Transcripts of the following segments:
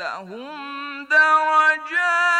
lahum darajat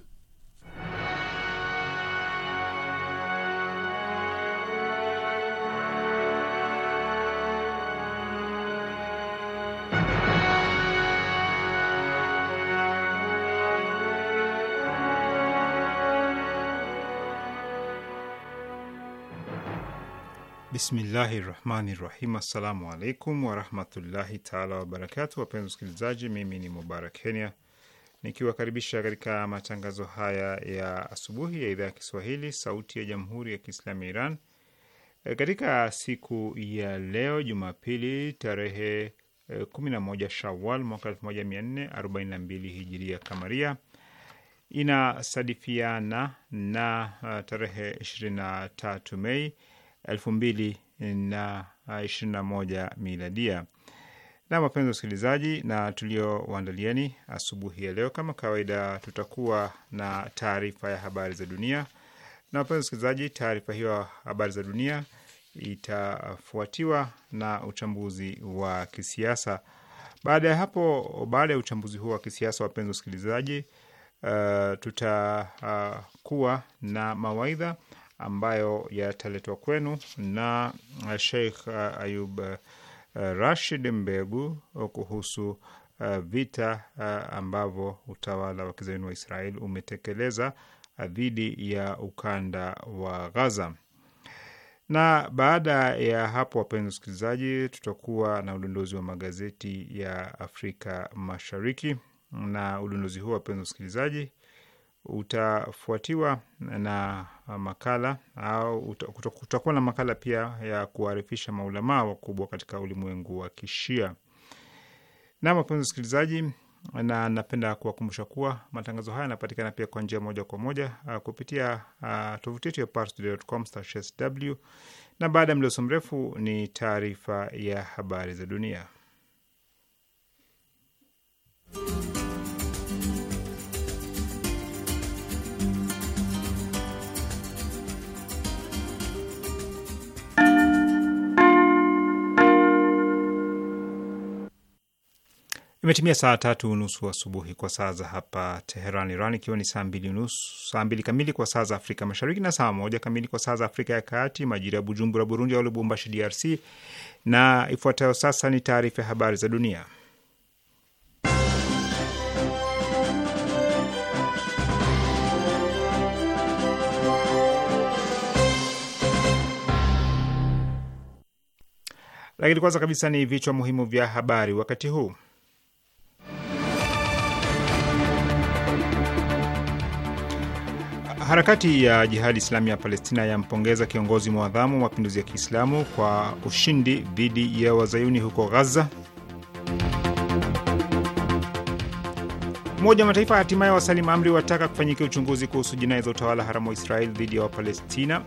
Bismillahi rahmani rahim. Assalamu alaikum warahmatullahi taala wabarakatu. Wapenzi wasikilizaji, mimi ni Mubarak Kenya nikiwakaribisha katika matangazo haya ya asubuhi ya idhaa ya Kiswahili sauti ya jamhuri ya Kiislamu ya Iran e, katika siku ya leo Jumapili tarehe 11 e, Shawal mwaka 1442 hijiria kamaria inasadifiana na e, tarehe 23 Mei elfu mbili na ishirini na moja miladia. Na wapenzi wasikilizaji, na tuliowaandalieni asubuhi ya leo, kama kawaida, tutakuwa na taarifa ya habari za dunia. Na wapenzi wasikilizaji, taarifa hiyo ya habari za dunia itafuatiwa na uchambuzi wa kisiasa. Baada ya hapo, baada ya uchambuzi huo wa kisiasa, wapenzi wasikilizaji, uh, tutakuwa uh, na mawaidha ambayo yataletwa kwenu na uh, Sheikh uh, Ayub uh, Rashid Mbegu kuhusu vita ambavyo utawala wa kizayuni wa Israel umetekeleza dhidi ya ukanda wa Gaza. Na baada ya hapo, wapenzi wasikilizaji, tutakuwa na udondozi wa magazeti ya Afrika Mashariki, na udondozi huu, wapenzi wasikilizaji, utafuatiwa na makala au kutakuwa na makala pia ya kuarifisha maulamaa wakubwa katika ulimwengu wa Kishia. Na wapenzi wasikilizaji, na napenda kuwakumbusha kuwa matangazo haya yanapatikana pia kwa njia moja kwa moja uh, kupitia uh, tovuti yetu ya parstoday.com/sw. Na baada ya mdoso mrefu ni taarifa ya habari za dunia. Imetimia saa tatu unusu asubuhi kwa saa za hapa Teheran, Iran, ikiwa ni saa mbili unusu, saa mbili kamili kwa saa za Afrika Mashariki na saa moja kamili kwa saa za Afrika ya Kati, majira ya Bujumbura, Burundi, au Lubumbashi, DRC. Na ifuatayo sasa ni taarifa ya habari za dunia. Lakini kwanza kabisa ni vichwa muhimu vya habari wakati huu. Harakati ya Jihadi Islami ya Palestina yampongeza kiongozi mwadhamu wa mapinduzi ya Kiislamu kwa ushindi dhidi ya wazayuni huko Ghaza. Umoja wa Mataifa hatimaye wasalimu amri wataka kufanyika uchunguzi kuhusu jinai za utawala haramu wa Israeli dhidi ya Wapalestina,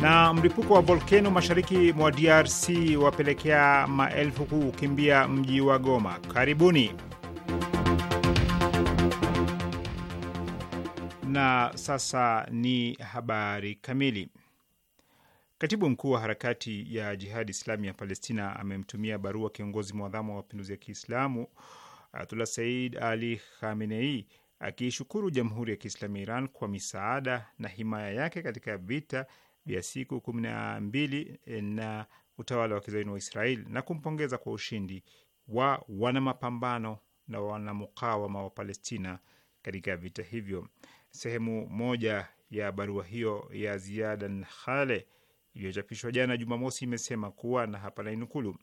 na mlipuko wa volkeno mashariki mwa DRC wapelekea maelfu kukimbia mji wa Goma. Karibuni. Na sasa ni habari kamili. Katibu mkuu wa harakati ya Jihadi Islami ya Palestina amemtumia barua kiongozi mwadhamu wa mapinduzi ya Kiislamu Ayatullah Said Ali Khamenei akiishukuru Jamhuri ya Kiislamu ya Iran kwa misaada na himaya yake katika vita vya siku kumi na mbili na utawala wa kizayuni wa Israeli na kumpongeza kwa ushindi wa wanamapambano na wanamukawama wa Palestina katika vita hivyo sehemu moja ya barua hiyo ya ziada Nkhale iliyochapishwa jana Jumamosi imesema kuwa na hapa nainukulu: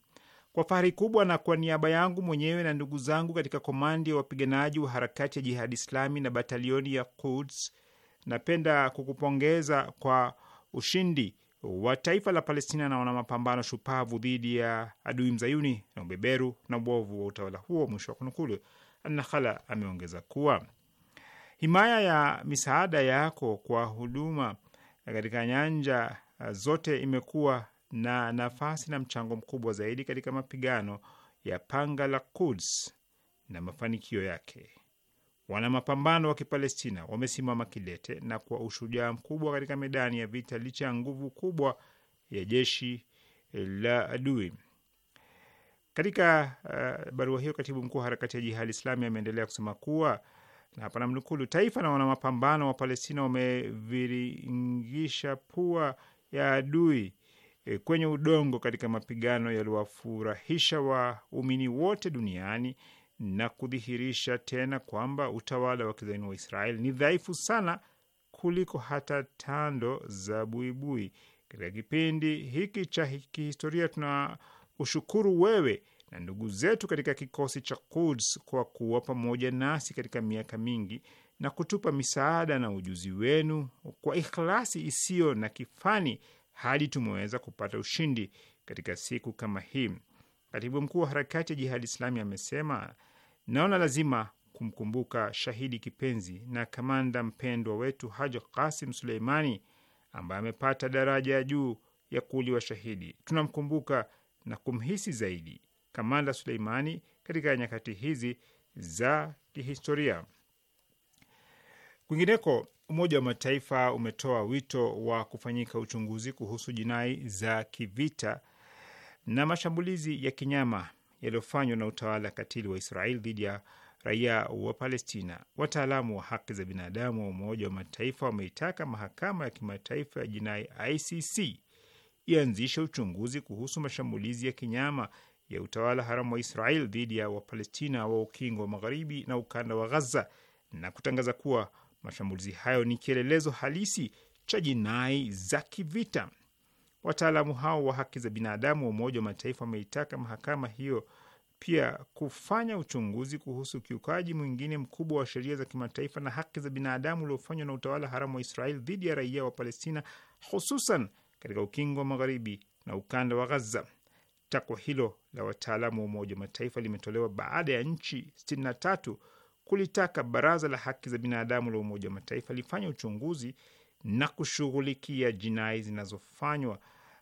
kwa fahari kubwa na kwa niaba yangu mwenyewe na ndugu zangu katika komandi ya wapiganaji wa harakati ya Jihadi Islami na batalioni ya Quds, napenda kukupongeza kwa ushindi wa taifa la Palestina na wana mapambano shupavu dhidi ya adui mzayuni na ubeberu na ubovu wa utawala huo, mwisho wa kunukulu. anahala ameongeza kuwa Himaya ya misaada yako kwa huduma katika nyanja uh, zote imekuwa na nafasi na mchango mkubwa zaidi katika mapigano ya panga la Quds na mafanikio yake. Wana mapambano wa Kipalestina wamesimama kidete na kwa ushujaa mkubwa katika medani ya vita licha ya nguvu kubwa ya jeshi la adui. Katika uh, barua hiyo, katibu mkuu wa harakati ya Jihadi Islami ameendelea kusema kuwa na hapa namnukulu, taifa na wanamapambano wa Palestina wameviringisha pua ya adui e, kwenye udongo katika mapigano yaliwafurahisha waumini wote duniani na kudhihirisha tena kwamba utawala wa kizaini wa Israel ni dhaifu sana kuliko hata tando za buibui. Katika kipindi hiki cha kihistoria, tunakushukuru wewe na ndugu zetu katika kikosi cha Quds kwa kuwa pamoja nasi katika miaka mingi na kutupa misaada na ujuzi wenu kwa ikhlasi isiyo na kifani hadi tumeweza kupata ushindi katika siku kama hii. Katibu mkuu wa harakati ya Jihadi Islami amesema, naona lazima kumkumbuka shahidi kipenzi na kamanda mpendwa wetu Haji Qasim Suleimani ambaye amepata daraja ya juu ya kuuliwa shahidi. Tunamkumbuka na kumhisi zaidi kamanda Suleimani katika nyakati hizi za kihistoria. Kwingineko, Umoja wa Mataifa umetoa wito wa kufanyika uchunguzi kuhusu jinai za kivita na mashambulizi ya kinyama yaliyofanywa na utawala katili wa Israeli dhidi ya raia wa Palestina. Wataalamu wa haki za binadamu wa Umoja wa Mataifa wameitaka mahakama ya kimataifa ya jinai ICC ianzishe uchunguzi kuhusu mashambulizi ya kinyama ya utawala haramu wa Israel dhidi ya Wapalestina wa ukingo wa magharibi na ukanda wa Ghaza na kutangaza kuwa mashambulizi hayo ni kielelezo halisi cha jinai za kivita. Wataalamu hao wa haki za binadamu wa Umoja wa Mataifa wameitaka mahakama hiyo pia kufanya uchunguzi kuhusu ukiukaji mwingine mkubwa wa sheria za kimataifa na haki za binadamu uliofanywa na utawala haramu wa Israel dhidi ya raia wa Palestina, hususan katika ukingo wa magharibi na ukanda wa Ghaza. Takwa hilo la wataalamu wa Umoja wa Mataifa limetolewa baada ya nchi 63 kulitaka Baraza la Haki za Binadamu la Umoja wa Mataifa lifanye uchunguzi na kushughulikia jinai zinazofanywa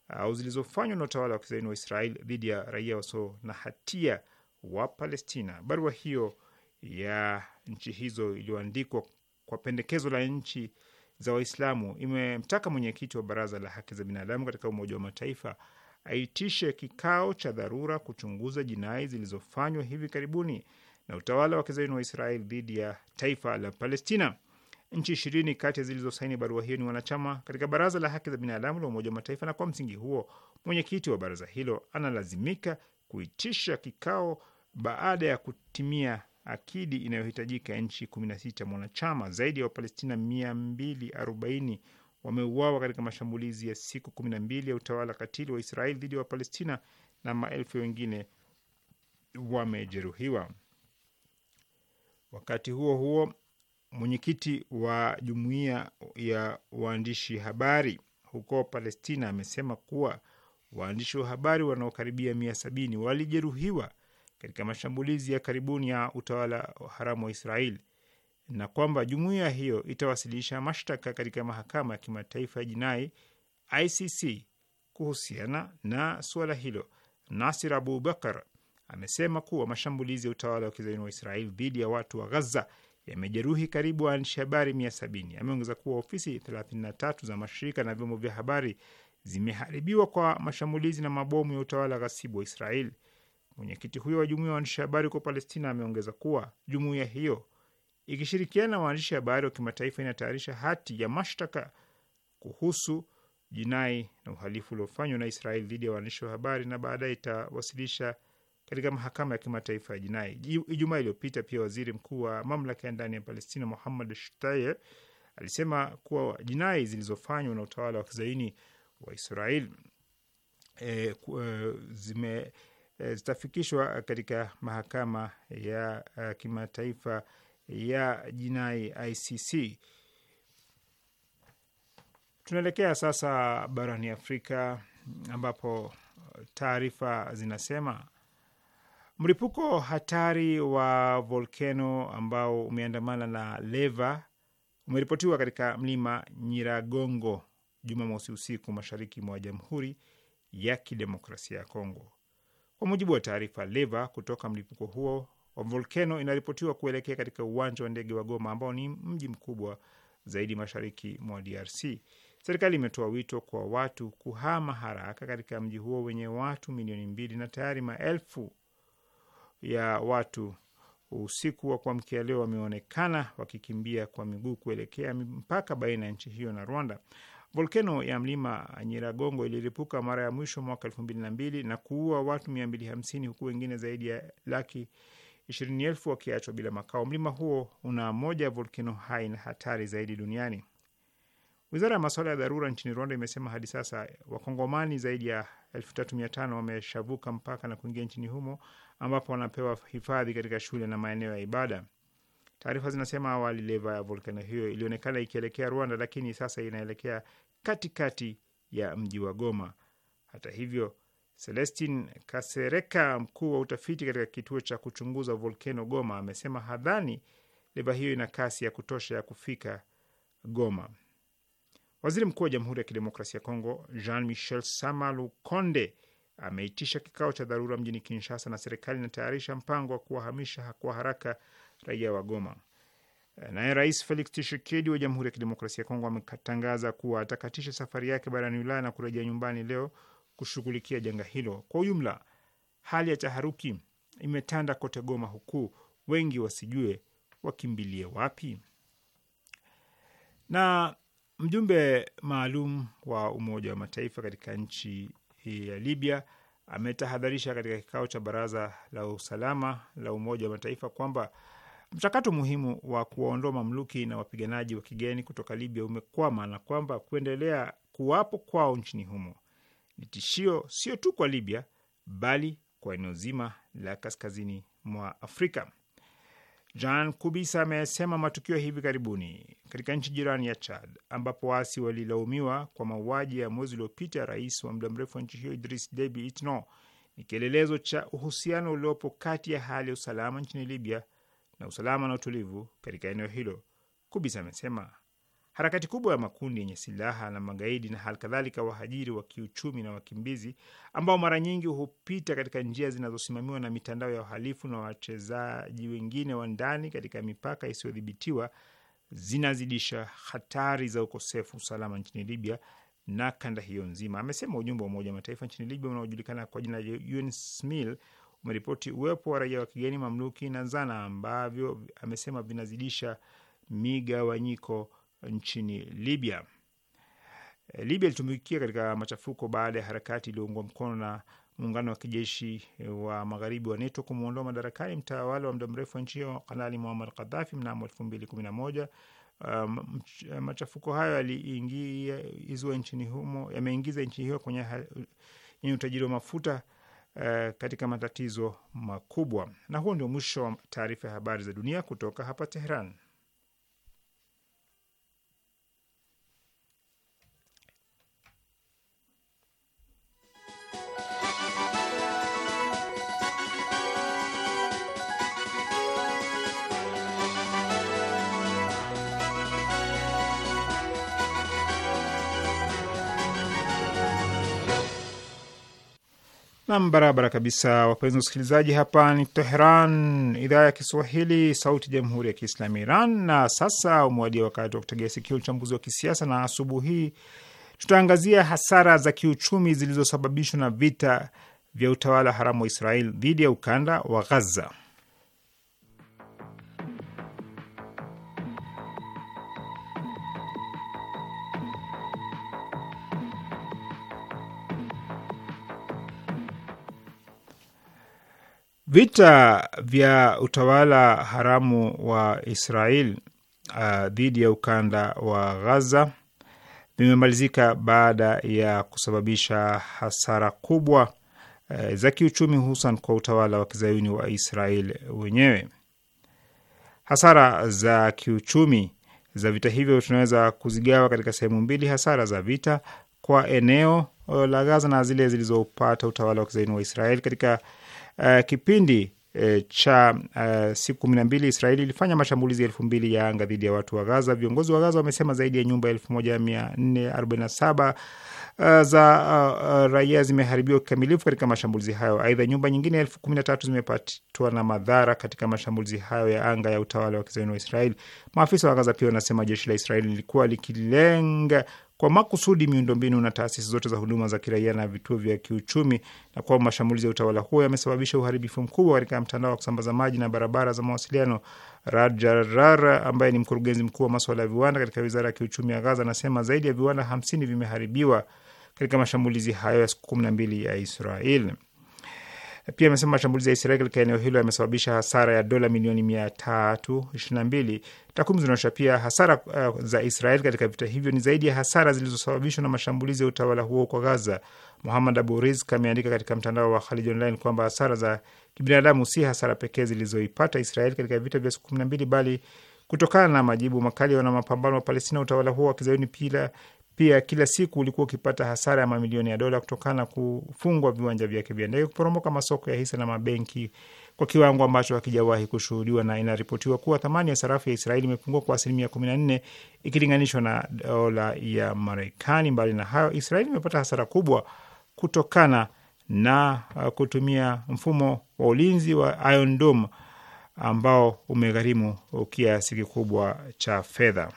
uh, au zilizofanywa na utawala wa kizaini wa Israel dhidi ya raia wasio na hatia wa Palestina. Barua hiyo ya nchi hizo iliyoandikwa kwa pendekezo la nchi za Waislamu imemtaka mwenyekiti wa Baraza la Haki za Binadamu katika Umoja wa Mataifa aitishe kikao cha dharura kuchunguza jinai zilizofanywa hivi karibuni na utawala wa kizayuni wa Israel dhidi ya taifa la Palestina. Nchi ishirini kati ya zilizosaini barua hiyo ni wanachama katika Baraza la Haki za Binadamu la Umoja wa Mataifa, na kwa msingi huo mwenyekiti wa baraza hilo analazimika kuitisha kikao baada ya kutimia akidi inayohitajika ya nchi 16 mwanachama. Zaidi ya Wapalestina arobaini wameuawa katika mashambulizi ya siku kumi na mbili ya utawala katili wa Israel dhidi ya Wapalestina na maelfu wengine wamejeruhiwa. Wakati huo huo, mwenyekiti wa jumuiya ya waandishi habari huko Palestina amesema kuwa waandishi wa habari wanaokaribia mia sabini walijeruhiwa katika mashambulizi ya karibuni ya utawala haramu wa israeli na kwamba jumuiya hiyo itawasilisha mashtaka katika mahakama ya kimataifa ya jinai ICC kuhusiana na suala hilo. Nasir abubakar amesema kuwa mashambulizi ya utawala wa kizayuni wa Israeli dhidi ya watu wa ghaza yamejeruhi karibu waandishi habari mia sabini. Ameongeza kuwa ofisi 33 za mashirika na vyombo vya habari zimeharibiwa kwa mashambulizi na mabomu ya utawala ghasibu wa Israeli. Mwenyekiti huyo wa jumuiya wa waandishi habari kwa Palestina ameongeza kuwa jumuiya hiyo ikishirikiana na waandishi habari wa kimataifa inatayarisha hati ya mashtaka kuhusu jinai na uhalifu uliofanywa na Israeli dhidi ya waandishi wa habari na baadaye itawasilisha katika mahakama ya kimataifa ya jinai. Ijumaa iliyopita pia waziri mkuu wa mamlaka ya ndani ya Palestina Muhammad Shtayer alisema kuwa jinai zilizofanywa na utawala wa kizaini wa Israeli e, eh, eh, zime e, zitafikishwa katika mahakama ya kimataifa ya jinai ICC. Tunaelekea sasa barani Afrika ambapo uh, taarifa zinasema mlipuko hatari wa volkeno ambao umeandamana na leva umeripotiwa katika mlima Nyiragongo Jumamosi usiku mashariki mwa Jamhuri ya Kidemokrasia ya Kongo. Kwa mujibu wa taarifa, leva kutoka mlipuko huo volkeno inaripotiwa kuelekea katika uwanja wa ndege wa Goma ambao ni mji mkubwa zaidi mashariki mwa DRC. Serikali imetoa wito kwa watu kuhama haraka katika mji huo wenye watu milioni mbili na tayari maelfu ya watu usiku wa kuamkia leo wameonekana wakikimbia kwa miguu kuelekea mpaka baina ya nchi hiyo na Rwanda. Volkeno ya mlima Nyiragongo ililipuka mara ya mwisho mwaka elfu mbili na mbili na kuua watu mia mbili hamsini huku wengine zaidi ya laki ishirini elfu wakiachwa bila makao. Mlima huo una moja ya volkeno hai na hatari zaidi duniani. Wizara ya masuala ya dharura nchini Rwanda imesema hadi sasa wakongomani zaidi ya elfu tatu mia tano wameshavuka mpaka na kuingia nchini humo ambapo wanapewa hifadhi katika shule na maeneo ya ibada. Taarifa zinasema awali leva ya volkano hiyo ilionekana ikielekea Rwanda, lakini sasa inaelekea katikati ya mji wa Goma. Hata hivyo, Celestin Kasereka, mkuu wa utafiti katika kituo cha kuchunguza volkeno Goma, amesema hadhani leba hiyo ina kasi ya kutosha ya kufika Goma. Waziri Mkuu wa Jamhuri ya Kidemokrasia ya Kongo Jean Michel Sama ameitisha kikao cha dharura mjini Kinshasa na serikali inatayarisha mpango wa kuwahamisha kwa haraka raia wa Goma. Naye Rais Felix Tshisekedi wa Jamhuri ya Kidemokrasia ya Kongo ametangaza kuwa atakatisha safari yake barani Ulaya na kurejea nyumbani leo kushughulikia janga hilo. Kwa ujumla, hali ya taharuki imetanda kote Goma, huku wengi wasijue wakimbilie wapi. Na mjumbe maalum wa Umoja wa Mataifa katika nchi ya Libya ametahadharisha katika kikao cha Baraza la Usalama la Umoja wa Mataifa kwamba mchakato muhimu wa kuwaondoa mamluki na wapiganaji wa kigeni kutoka Libya umekwama na kwamba kuendelea kuwapo kwao nchini humo ni tishio sio tu kwa Libya bali kwa eneo zima la kaskazini mwa Afrika. jean Kubisa amesema matukio hivi karibuni katika nchi jirani ya Chad, ambapo waasi walilaumiwa kwa mauaji ya mwezi uliopita rais wa muda mrefu wa nchi hiyo Idris Deby Itno ni kielelezo cha uhusiano uliopo kati ya hali ya usalama nchini Libya na usalama na utulivu katika eneo hilo. Kubisa amesema Harakati kubwa ya makundi yenye silaha na magaidi na halikadhalika wahajiri wa kiuchumi na wakimbizi ambao mara nyingi hupita katika njia zinazosimamiwa na mitandao ya uhalifu na wachezaji wengine wa ndani katika mipaka isiyodhibitiwa zinazidisha hatari za ukosefu usalama nchini Libya na kanda hiyo nzima, amesema. Ujumbe wa Umoja wa Mataifa nchini Libya unaojulikana kwa jina la UNSMIL umeripoti uwepo wa raia wa kigeni, mamluki na zana ambavyo amesema vinazidisha migawanyiko nchini Libya. Eh, Libya ilitumikia katika machafuko baada ya harakati iliyoungwa mkono na muungano wa kijeshi eh, wa magharibi wa NATO kumwondoa madarakani mtawala wa muda mrefu wa nchi hiyo Kanali Muammar Kadhafi mnamo elfu mbili kumi na moja. Um, eh, machafuko hayo yaliingizwa nchini humo, yameingiza nchi hiyo kwenye yenye utajiri wa mafuta uh, katika matatizo makubwa. Na huo ndio mwisho wa taarifa ya habari za dunia kutoka hapa teheran Nam, barabara kabisa, wapenzi wasikilizaji, hapa ni Tehran, idhaa ya Kiswahili, sauti ya jamhuri ya kiislamu Iran. Na sasa umewadia wakati wa kutegea sikio uchambuzi wa kisiasa, na asubuhi hii tutaangazia hasara za kiuchumi zilizosababishwa na vita vya utawala haramu wa Israel dhidi ya ukanda wa Ghaza. Vita vya utawala haramu wa Israel uh, dhidi ya ukanda wa Gaza vimemalizika baada ya kusababisha hasara kubwa uh, za kiuchumi hususan kwa utawala wa kizayuni wa Israel wenyewe. Hasara za kiuchumi za vita hivyo tunaweza kuzigawa katika sehemu mbili: hasara za vita kwa eneo la Gaza na zile zilizopata utawala wa kizayuni wa Israel katika uh, kipindi eh, cha uh, siku kumi na mbili Israeli ilifanya mashambulizi elfu mbili ya anga dhidi ya watu wa Gaza. Viongozi wa Gaza wamesema zaidi ya nyumba elfu moja mia nne arobaini na saba uh, za uh, uh, raia zimeharibiwa kikamilifu katika mashambulizi hayo. Aidha, nyumba nyingine elfu kumi na tatu zimepatwa na madhara katika mashambulizi hayo ya anga ya utawala wa kizayuni wa Israeli. Maafisa wa Gaza pia wanasema jeshi la Israeli lilikuwa likilenga kwa makusudi miundombinu na taasisi zote za huduma za kiraia na vituo vya kiuchumi, na kwamba mashambulizi ya utawala huo yamesababisha uharibifu mkubwa katika mtandao wa kusambaza maji na barabara za mawasiliano. Rajarara ambaye ni mkurugenzi mkuu wa maswala ya viwanda katika wizara ya kiuchumi ya Gaza anasema zaidi ya viwanda hamsini vimeharibiwa katika mashambulizi hayo ya siku kumi na mbili ya Israel. Pia amesema mashambulizi ya Israeli katika eneo hilo yamesababisha hasara ya dola milioni mia tatu ishirini na mbili. Takwimu zinaonyesha pia hasara uh, za Israeli katika vita hivyo ni zaidi ya hasara zilizosababishwa na mashambulizi ya utawala huo kwa Gaza. Muhamad Abu Rizk ameandika katika mtandao wa Khalid Online kwamba hasara za kibinadamu si hasara pekee zilizoipata Israeli katika vita vya siku kumi na mbili bali kutokana na majibu makali ya wanamapambano wa Palestina, utawala huo wa kizayuni pia kila siku ulikuwa ukipata hasara ya mamilioni ya dola kutokana na kufungwa viwanja vyake vya ndege, kuporomoka masoko ya hisa na mabenki kwa kiwango ambacho hakijawahi kushuhudiwa, na inaripotiwa kuwa thamani ya sarafu ya Israeli imepungua kwa asilimia 14 ikilinganishwa na dola ya Marekani. Mbali na hayo, Israeli imepata hasara kubwa kutokana na uh, kutumia mfumo wa ulinzi wa Iron Dome ambao umegharimu kiasi kikubwa cha fedha.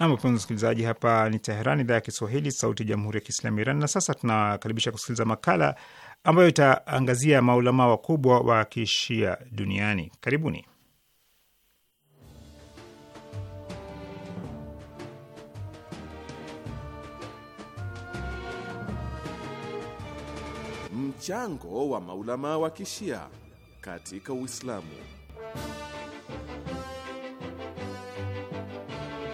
Nam, wapenzi msikilizaji, hapa ni Teherani, idhaa ya Kiswahili, sauti ya jamhuri ya kiislamu ya Iran. Na sasa tunakaribisha kusikiliza makala ambayo itaangazia maulamaa wakubwa wa kishia duniani. Karibuni. Mchango wa maulamaa wa kishia katika Uislamu.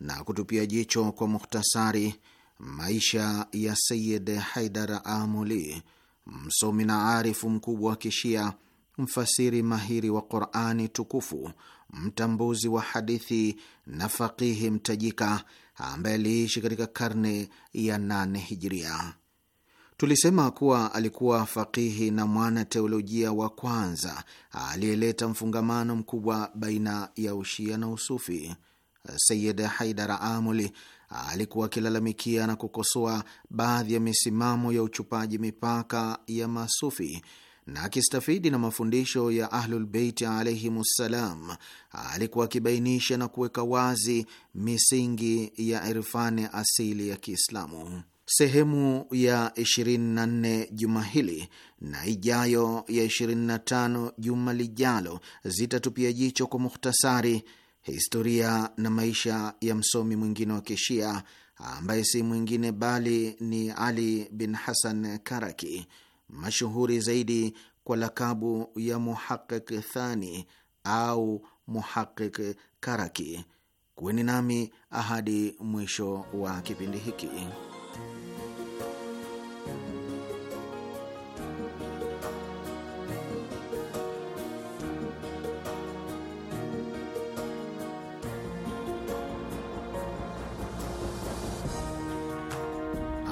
na kutupia jicho kwa muhtasari maisha ya Sayid Haidar Amuli, msomi na arifu mkubwa wa Kishia, mfasiri mahiri wa Qurani Tukufu, mtambuzi wa hadithi na faqihi mtajika ambaye aliishi katika karne ya nane Hijiria. Tulisema kuwa alikuwa faqihi na mwana teolojia wa kwanza aliyeleta mfungamano mkubwa baina ya Ushia na Usufi. Sayid Haidar Amuli alikuwa akilalamikia na kukosoa baadhi ya misimamo ya uchupaji mipaka ya masufi na akistafidi na mafundisho ya Ahlulbeiti alaihimussalam, alikuwa akibainisha na kuweka wazi misingi ya irfani asili ya Kiislamu. Sehemu ya 24 juma hili na ijayo ya 25 juma lijalo zitatupia jicho kwa mukhtasari historia na maisha ya msomi mwingine wa kishia ambaye si mwingine bali ni Ali bin Hasan Karaki, mashuhuri zaidi kwa lakabu ya Muhaqiq Thani au Muhaqiq Karaki. Kuweni nami ahadi mwisho wa kipindi hiki.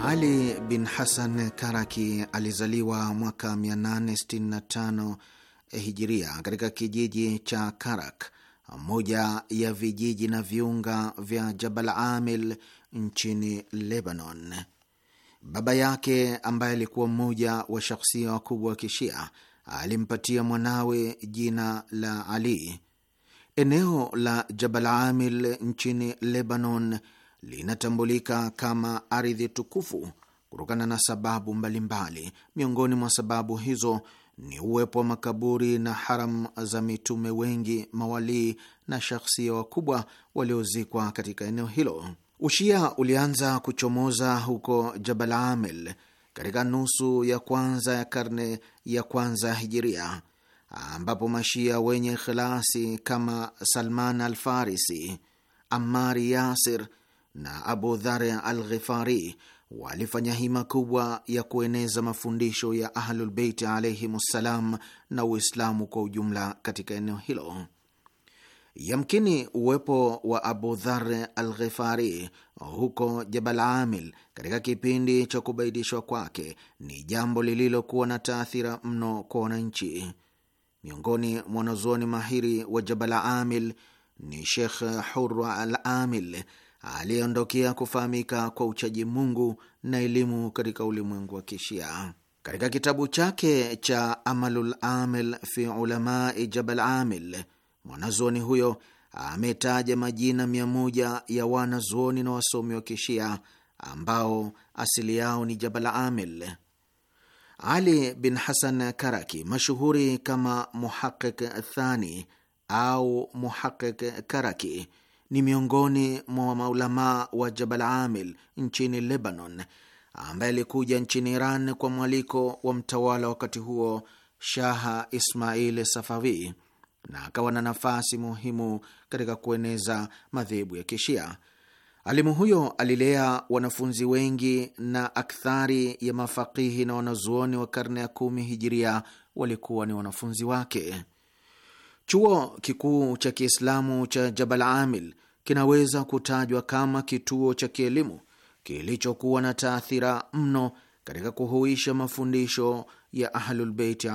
Ali bin Hasan Karaki alizaliwa mwaka 865 eh, hijiria katika kijiji cha Karak, moja ya vijiji na viunga vya Jabal Amil nchini Lebanon. Baba yake ambaye alikuwa mmoja wa shakhsia wakubwa wa Kishia alimpatia mwanawe jina la Ali. Eneo la Jabal Amil nchini Lebanon linatambulika kama ardhi tukufu kutokana na sababu mbalimbali mbali. Miongoni mwa sababu hizo ni uwepo wa makaburi na haram za mitume wengi, mawalii na shakhsia wakubwa waliozikwa katika eneo hilo. Ushia ulianza kuchomoza huko Jabal Amel katika nusu ya kwanza ya karne ya kwanza Hijiria, ambapo mashia wenye khilasi kama Salman Alfarisi, Amari Yasir na Abu Dhar al Ghifari walifanya hima kubwa ya kueneza mafundisho ya Ahlulbeiti alaihimussalam na Uislamu kwa ujumla katika eneo hilo. Yamkini uwepo wa Abu Dhar al Ghifari huko Jabal Amil katika kipindi cha kubaidishwa kwake ni jambo lililokuwa na taathira mno kwa wananchi. Miongoni mwa wanazuoni mahiri wa Jabal Amil ni Shekh Hurra al Amil aliyeondokea kufahamika kwa uchaji Mungu na elimu katika ulimwengu wa Kishia. Katika kitabu chake cha Amalul Amil fi Ulamai Jabal Amil, mwanazuoni huyo ametaja majina mia moja ya wanazuoni na wasomi wa Kishia ambao asili yao ni Jabal Amil. Ali bin Hasan Karaki, mashuhuri kama Muhaqiq Thani au Muhaqiq Karaki, ni miongoni mwa maulamaa wa Jabal Amil nchini Lebanon, ambaye alikuja nchini Iran kwa mwaliko wa mtawala wakati huo Shaha Ismail Safawi, na akawa na nafasi muhimu katika kueneza madhehebu ya Kishia. Alimu huyo alilea wanafunzi wengi na akthari ya mafakihi na wanazuoni wa karne ya kumi hijiria walikuwa ni wanafunzi wake. Chuo kikuu cha Kiislamu cha Jabal Amil kinaweza kutajwa kama kituo cha kielimu kilichokuwa na taathira mno katika kuhuisha mafundisho ya Ahlulbeiti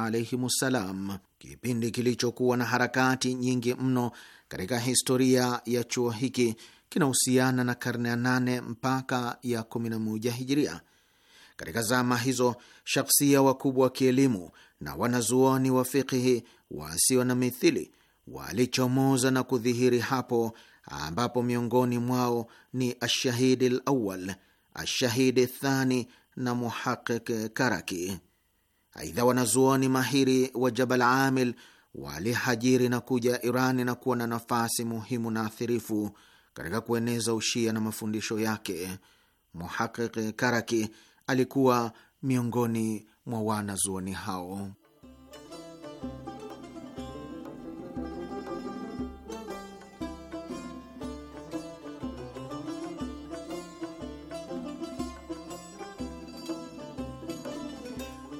ssalam. kipindi kilichokuwa na harakati nyingi mno katika historia ya chuo hiki kinahusiana na karne ya nane mpaka ya kumi na moja hijiria. Katika zama hizo, shakhsia wakubwa wa kielimu na wanazuoni wa fikihi wasio na mithili walichomoza na kudhihiri hapo ambapo miongoni mwao ni Ashahidi Lawal, Ashahidi Thani na Muhaqiq Karaki. Aidha, wanazuoni mahiri wa Jabal Amil walihajiri na kuja Irani na kuwa na nafasi muhimu na athirifu katika kueneza ushia na mafundisho yake. Muhaqiq Karaki alikuwa miongoni mwa wanazuoni hao.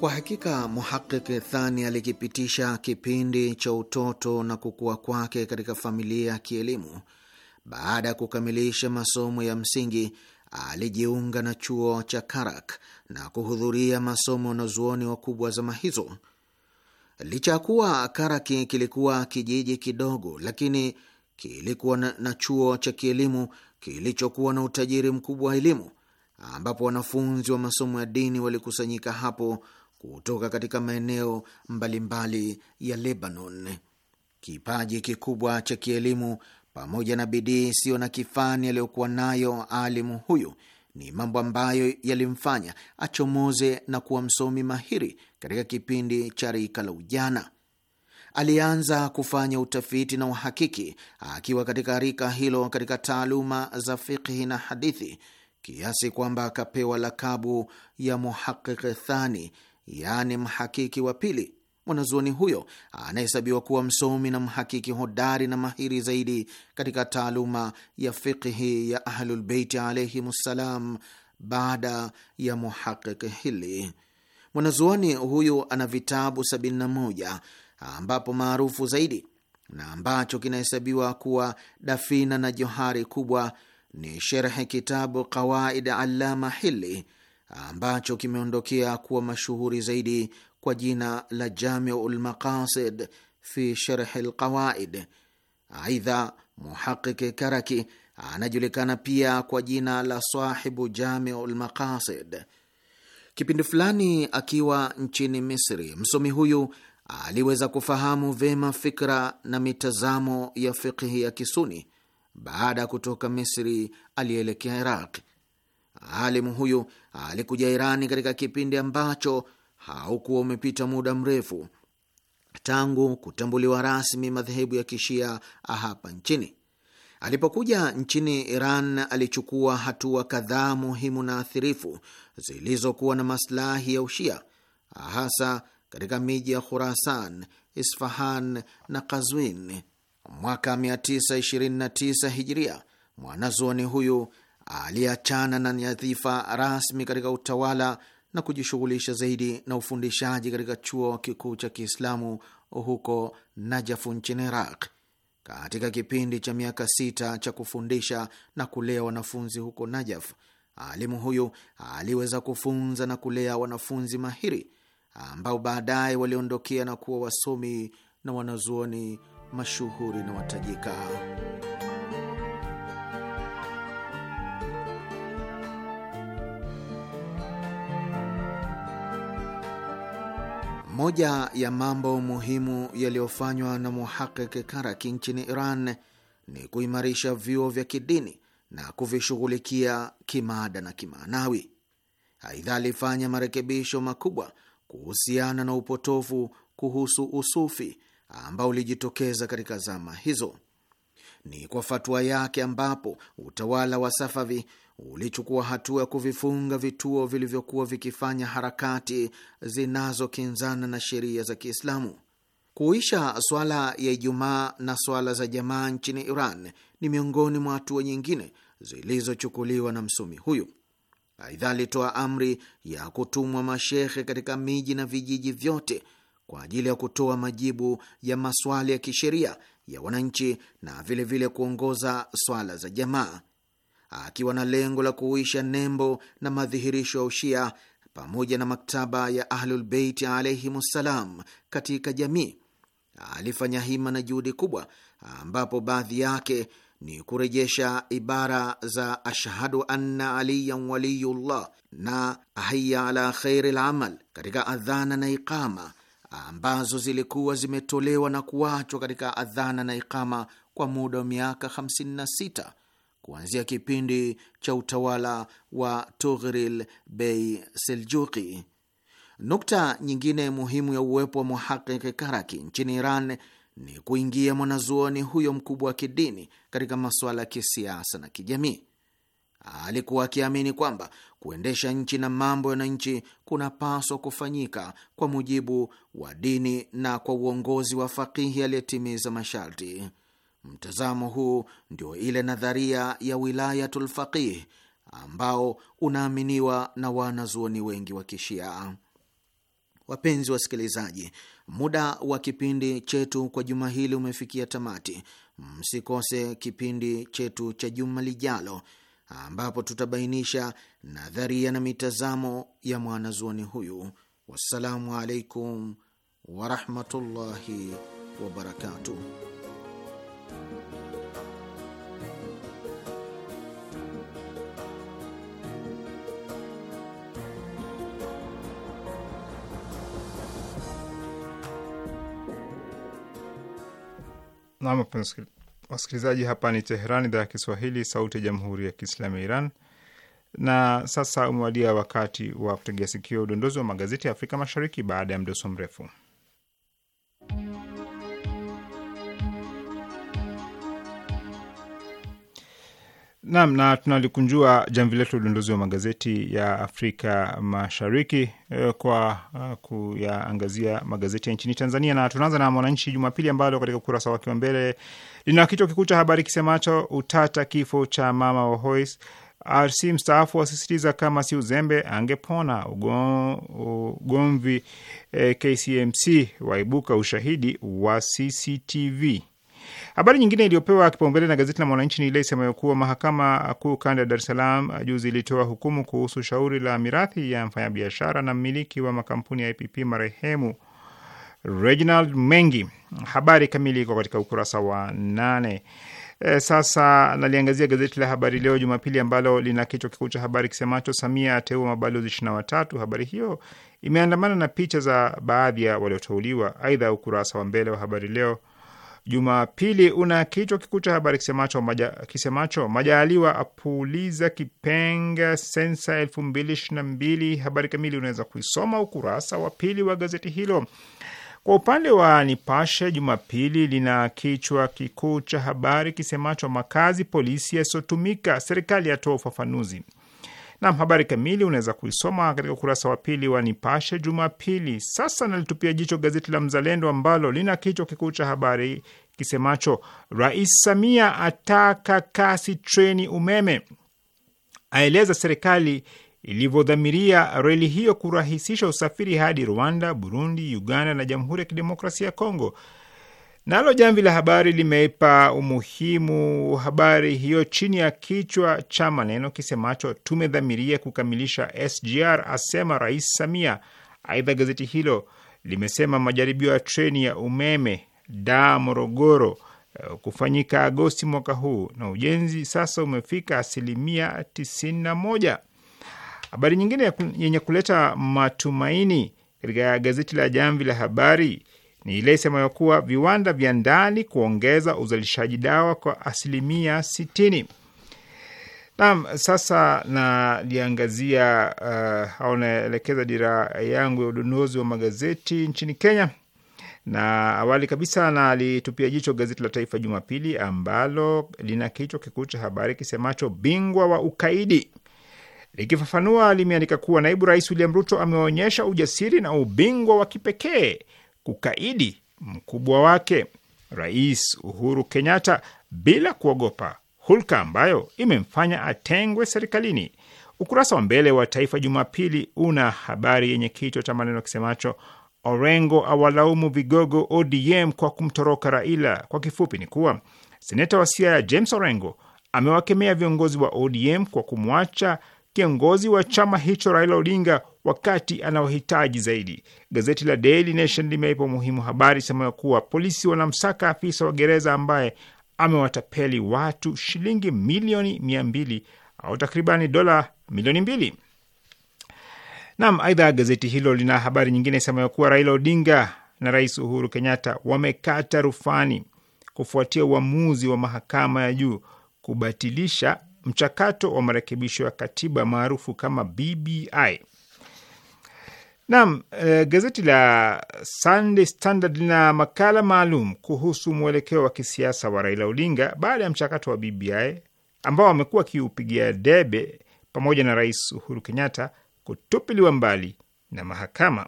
Kwa hakika Muhaqiq Thani alikipitisha kipindi cha utoto na kukua kwake katika familia ya kielimu. Baada ya kukamilisha masomo ya msingi, alijiunga na chuo cha Karak na kuhudhuria masomo wanazuoni wakubwa zama hizo. Licha ya kuwa Karaki kilikuwa kijiji kidogo, lakini kilikuwa na, na chuo cha kielimu kilichokuwa na utajiri mkubwa wa elimu ambapo wanafunzi wa masomo ya dini walikusanyika hapo kutoka katika maeneo mbalimbali ya Lebanon. Kipaji kikubwa cha kielimu pamoja na bidii isiyo na kifani aliyokuwa nayo alimu huyu ni mambo ambayo yalimfanya achomoze na kuwa msomi mahiri katika kipindi cha rika la ujana. Alianza kufanya utafiti na uhakiki akiwa katika rika hilo katika taaluma za fikhi na hadithi, kiasi kwamba akapewa lakabu ya Muhaqiq Thani, yaani mhakiki wa pili. Mwanazuoni huyo anahesabiwa kuwa msomi na mhakiki hodari na mahiri zaidi katika taaluma ya fiqhi ya Ahlulbeiti ssalam baada ya muhaqiq Hili. Mwanazuoni huyu ana vitabu 71 ambapo maarufu zaidi na ambacho kinahesabiwa kuwa dafina na johari kubwa ni sherhe kitabu Qawaid Allama Hili ambacho kimeondokea kuwa mashuhuri zaidi kwa jina la Jamiu lMaqasid fi Sharhi lQawaid. Aidha, Muhaqiqi Karaki anajulikana pia kwa jina la sahibu Jamiu lMaqasid. Kipindi fulani akiwa nchini Misri, msomi huyu aliweza kufahamu vema fikra na mitazamo ya fikhi ya Kisuni. Baada ya kutoka Misri, alielekea Iraqi. Alimu huyu alikuja Irani katika kipindi ambacho haukuwa umepita muda mrefu tangu kutambuliwa rasmi madhehebu ya kishia hapa nchini. Alipokuja nchini Iran, alichukua hatua kadhaa muhimu na athirifu zilizokuwa na maslahi ya Ushia, hasa katika miji ya Khurasan, Isfahan na Kazwin. Mwaka 929 Hijria, mwanazuoni huyu aliachana na nyadhifa rasmi katika utawala na kujishughulisha zaidi na ufundishaji katika chuo kikuu cha Kiislamu huko Najafu nchini Iraq. Katika kipindi cha miaka sita cha kufundisha na kulea wanafunzi huko Najaf, alimu huyu aliweza kufunza na kulea wanafunzi mahiri ambao baadaye waliondokea na kuwa wasomi na wanazuoni mashuhuri na watajika. Moja ya mambo muhimu yaliyofanywa na Muhaqiq Karaki nchini Iran ni kuimarisha vyuo vya kidini na kuvishughulikia kimaada na kimaanawi. Aidha, alifanya marekebisho makubwa kuhusiana na upotofu kuhusu usufi ambao ulijitokeza katika zama hizo. Ni kwa fatua yake ambapo utawala wa Safavi ulichukua hatua ya kuvifunga vituo vilivyokuwa vikifanya harakati zinazokinzana na sheria za Kiislamu. Kuisha swala ya Ijumaa na swala za jamaa nchini Iran ni miongoni mwa hatua nyingine zilizochukuliwa na msomi huyu. Aidha, alitoa amri ya kutumwa mashehe katika miji na vijiji vyote kwa ajili ya kutoa majibu ya maswali ya kisheria ya wananchi na vilevile vile kuongoza swala za jamaa akiwa na lengo la kuhuisha nembo na madhihirisho ya Ushia pamoja na maktaba ya Ahlulbeiti alaihimussalam katika jamii. Alifanya hima na juhudi kubwa, ambapo baadhi yake ni kurejesha ibara za ashhadu anna aliyan waliyullah na haya ala khairi lamal katika adhana na iqama ambazo zilikuwa zimetolewa na kuachwa katika adhana na iqama kwa muda wa miaka 56 kuanzia kipindi cha utawala wa Tughril Bei Seljuki. Nukta nyingine muhimu ya uwepo wa Muhaqiki Karaki nchini Iran ni kuingia mwanazuoni huyo mkubwa wa kidini katika masuala ya kisiasa na kijamii. Alikuwa akiamini kwamba kuendesha nchi na mambo ya wananchi kunapaswa kufanyika kwa mujibu wa dini na kwa uongozi wa fakihi aliyetimiza masharti. Mtazamo huu ndio ile nadharia ya wilayatul faqih ambao unaaminiwa na wanazuoni wengi wa Kishia. Wapenzi wasikilizaji, muda wa kipindi chetu kwa juma hili umefikia tamati. Msikose kipindi chetu cha juma lijalo, ambapo tutabainisha nadharia na mitazamo ya mwanazuoni huyu. Wassalamu alaikum warahmatullahi wabarakatuh. Nam, wasikilizaji, hapa ni Teheran, idhaa ya Kiswahili, sauti ya jamhuri ya kiislamu ya Iran. Na sasa umewadia wakati wa kutegea sikio udondozi wa magazeti ya Afrika Mashariki baada ya mdoso mrefu. Naam, na tunalikunjua jamvi letu udondozi wa magazeti ya Afrika Mashariki eh, kwa eh, kuyaangazia magazeti ya nchini Tanzania, na tunaanza na Mwananchi Jumapili ambalo katika ukurasa wake wa mbele lina kichwa kikuu cha habari kisemacho utata kifo cha mama Ohois, RC mstaafu wasisitiza kama si uzembe angepona. Ugomvi eh, KCMC waibuka ushahidi wa CCTV. Habari nyingine iliyopewa kipaumbele na gazeti la Mwananchi ni ile isemayo kuwa mahakama kuu kanda ya Dar es Salaam eh, juzi ilitoa hukumu kuhusu shauri la mirathi ya mfanyabiashara na mmiliki wa makampuni ya IPP marehemu Reginald Mengi. Habari kamili iko katika ukurasa wa nane. E, sasa naliangazia gazeti la Habari Leo Jumapili ambalo lina kichwa kikuu cha habari kisemacho Samia ateua mabalozi ishirini na watatu. Habari hiyo imeandamana na picha za baadhi ya walioteuliwa. Aidha, ukurasa wa mbele wa Habari Leo Jumapili una kichwa kikuu cha habari kisemacho, maja, kisemacho Majaliwa apuliza kipenga sensa elfu mbili ishirini na mbili. Habari kamili unaweza kuisoma ukurasa wa pili wa gazeti hilo. Kwa upande wa Nipashe Jumapili lina kichwa kikuu cha habari kisemacho makazi polisi yasiotumika, serikali yatoa ufafanuzi. Nam, habari kamili unaweza kuisoma katika ukurasa wa pili wa Nipashe Jumapili. Sasa nalitupia jicho gazeti la Mzalendo ambalo lina kichwa kikuu cha habari kisemacho Rais Samia ataka kasi treni umeme, aeleza serikali ilivyodhamiria reli hiyo kurahisisha usafiri hadi Rwanda, Burundi, Uganda na Jamhuri ya Kidemokrasia ya Kongo. Nalo Jamvi la Habari limeipa umuhimu habari hiyo chini ya kichwa cha maneno kisemacho tumedhamiria kukamilisha SGR, asema Rais Samia. Aidha, gazeti hilo limesema majaribio ya treni ya umeme da Morogoro eh, kufanyika Agosti mwaka huu na ujenzi sasa umefika asilimia 91 Habari nyingine yenye kuleta matumaini katika gazeti la Jamvi la Habari ni ile isemayo kuwa viwanda vya ndani kuongeza uzalishaji dawa kwa asilimia sitini. Naam, sasa naliangazia uh, au naelekeza dira yangu ya udunduzi wa magazeti nchini Kenya, na awali kabisa nalitupia jicho gazeti la Taifa Jumapili ambalo lina kichwa kikuu cha habari kisemacho bingwa wa ukaidi. Likifafanua, limeandika kuwa naibu rais William Ruto ameonyesha ujasiri na ubingwa wa kipekee kukaidi mkubwa wake Rais Uhuru Kenyatta bila kuogopa hulka ambayo imemfanya atengwe serikalini. Ukurasa wa mbele wa Taifa Jumapili una habari yenye kichwa cha maneno kisemacho Orengo awalaumu vigogo ODM kwa kumtoroka Raila. Kwa kifupi ni kuwa seneta wa Siaya James Orengo amewakemea viongozi wa ODM kwa kumwacha kiongozi wa chama hicho Raila Odinga wakati anaohitaji zaidi. Gazeti la Daily Nation limeipa umuhimu habari sema kuwa polisi wanamsaka afisa wa gereza ambaye amewatapeli watu shilingi milioni mia mbili au takribani dola milioni mbili. Naam, aidha gazeti hilo lina habari nyingine sema ya kuwa Raila Odinga na Rais Uhuru Kenyatta wamekata rufani kufuatia uamuzi wa mahakama ya juu kubatilisha mchakato wa marekebisho ya katiba maarufu kama BBI. Naam, e, gazeti la Sunday Standard lina makala maalum kuhusu mwelekeo wa kisiasa wa Raila Odinga baada ya mchakato wa BBI ambao amekuwa akiupigia debe pamoja na Rais Uhuru Kenyatta kutupiliwa mbali na mahakama.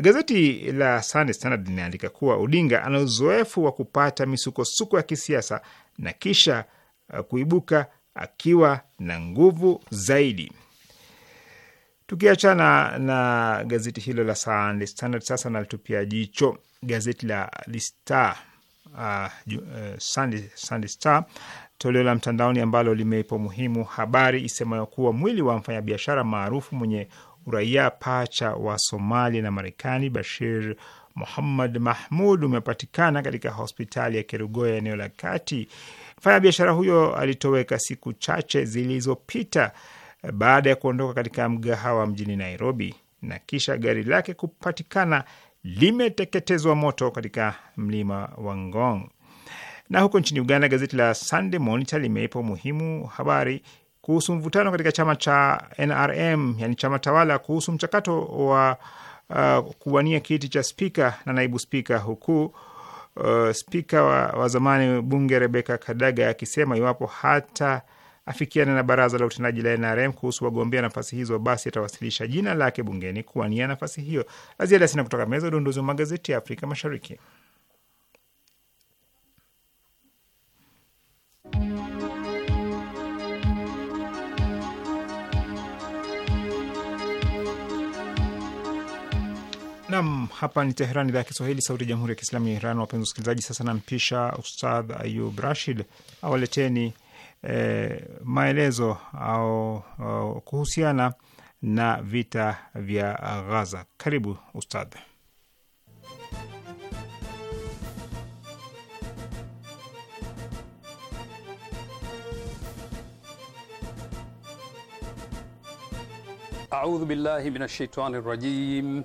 Gazeti la Sunday Standard linaandika kuwa Odinga ana uzoefu wa kupata misukosuko ya kisiasa na kisha eh, kuibuka akiwa na nguvu zaidi. Tukiachana na gazeti hilo la Sunday Standard, sasa nalitupia jicho gazeti la The Star, uh, uh, Sunday, Sunday Star toleo la mtandaoni ambalo limeipa umuhimu habari isemayo kuwa mwili wa mfanyabiashara maarufu mwenye uraia pacha wa Somalia na Marekani Bashir Muhammad Mahmud umepatikana katika hospitali ya Kerugoya, eneo la kati. Mfanyabiashara huyo alitoweka siku chache zilizopita baada ya kuondoka katika mgahawa mjini Nairobi na kisha gari lake kupatikana limeteketezwa moto katika mlima wa Ngong. Na huko nchini Uganda, gazeti la Sunday Monitor limeipa umuhimu habari kuhusu mvutano katika chama cha NRM, yani chama tawala, kuhusu mchakato wa uh, kuwania kiti cha spika na naibu spika, huku uh, spika wa, wa zamani bunge Rebeka Kadaga akisema iwapo hata afikiana na baraza la utendaji la NRM kuhusu wagombea nafasi hizo, basi atawasilisha jina lake bungeni kuwania nafasi hiyo. La ziada sina kutoka meza udunduzi wa magazeti ya Afrika Mashariki. Nam, hapa ni Teheran, idhaa ya Kiswahili, sauti ya jamhuri ya kiislamu ya Iran. Wapenzi wasikilizaji, sasa nampisha Ustadh Ayub Rashid awaleteni eh, maelezo au, au kuhusiana na vita vya Ghaza. Karibu Ustadh. Audhu billahi min rajim